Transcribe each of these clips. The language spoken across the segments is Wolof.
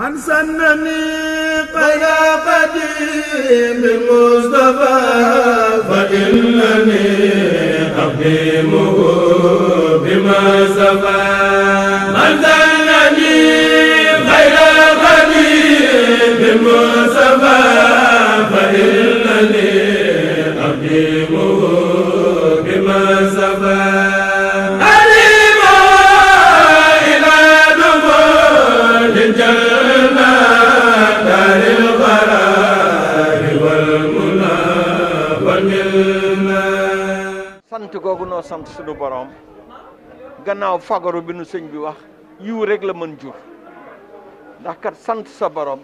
من سنني قيا قديم المصطفى فإنني أقيمه بما سفى من سنني قيا قديم المصطفى sant googu noo sant suñu boroom gannaaw fagaru bi nu sëñ bi wax yu rek la mën jur ndax sant sa boroom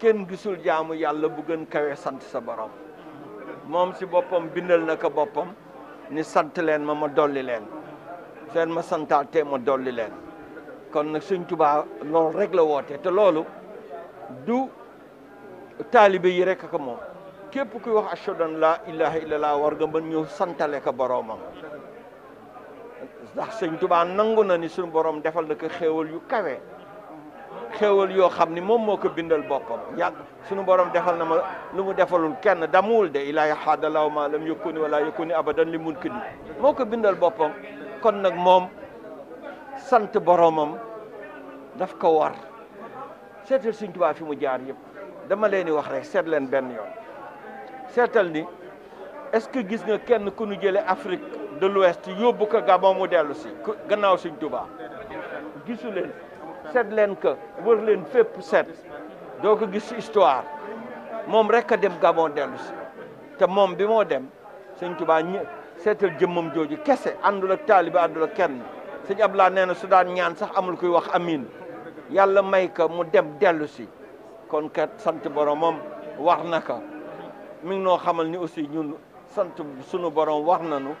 kenn gisul jaamu yàlla bu gën kawee sant sa boroom moom si boppam bindal na ko boppam ni sant leen ma ma dolli leen seen ma santaatee ma dolli leen kon nag sëñ Tuubaa loolu rek la woote te loolu du taalibe yi rek ko moom كيف كي واخ اشهد ان لا اله الا الله وارغا با نيو سانتالي كا بروما داخ سيغ توبا نانغو نا ني سون بروم ديفال داك خيوول يو كاوي خيوول يو خامني موم موكو بيندال بوكام ياك سون بروم ديفال نما لومو ديفالول كين دامول دي الا يحد الله ما لم يكن ولا يكون ابدا لمنكدي موكو بيندال بوبام كون نك موم سانت بروومم داف كو وار سيتل سيغ في مو جار يب دما ليني واخ setal ni est-ce que gis nga kenn ku ñu jëlé Afrique de l'Ouest yobbu ko Gabon mu delu ci gannaaw seigne Touba gisu len set len ko wër len fep set do ko gis histoire mom rek ka dem Gabon delu ci te mom bi mo dem seigne Touba ñë setal jëmum joju kese andul ak talib andul ak kenn seigne abla neena na su daan ñaan sax amul kuy wax amin yalla may ka mu dem delu ci kon kat sant boromam war na mi ngi noo xamal ni aussi ñun sant sunu borom war nañu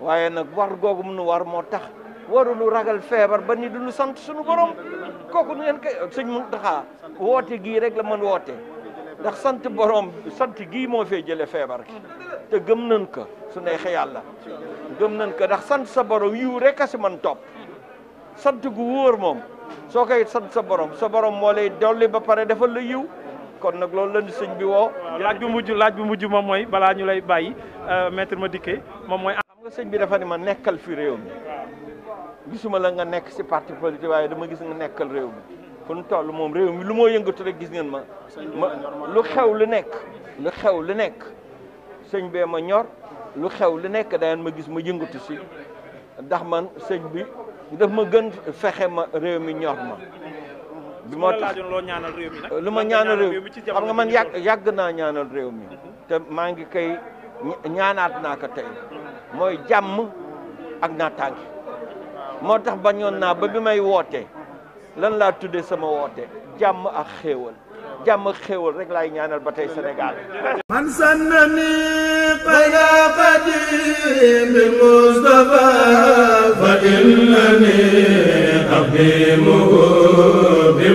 waaye nag war googu mu nu war moo tax waru warulu ragal feebar ba ni duñu sant sunu borom kooku nu ngeen koy sëñ Muntaxa woote gii rek la mën woote ndax sant borom sant gii moo fee jële feebar gi te gëm nañ ko su neexee yàlla gëm nañ ko ndax sant sa borom yiw rek a si man topp sant gu wóor moom soo koy sant sa borom sa borom moo lay dolli ba pare defal la yiw kon nag loolu la ñu sëñ bi woo. laaj bu mujj laaj bu mujj ma mooy balaa ñu lay bàyyi euh, maître ma dikke moom mooy. am nga sëñ bi dafa ne ma nekkal fi réew mi gisuma la nga nekk si parti politique waaye dama gis nga nekkal réew mi fu ñu toll moom réew mi lu moo yëngatu rek gis ngeen ma. ma lu xew lu nekk. lu xew lu nekk sëñ bee ma ñor lu xew lu nekk daan ma gis ma yëngatu si ndax man sëñ bi daf ma gën fexe ma réew mi ñor ma. bi moo tax lu ma ñaanal réew mi xam nga man yàgg yàgg naa ñaanal réew mi te maa ngi koy ñaanaat naa ko tey mooy jàmm ak naataange moo tax bañoon naa ba bi may woote lan laa tuddee sama woote jàmm ak xéewal jàmm ak xéewal rek laay ñaanal ba tey Sénégal man sanna ni xalafati bi Mustafa fa inna ni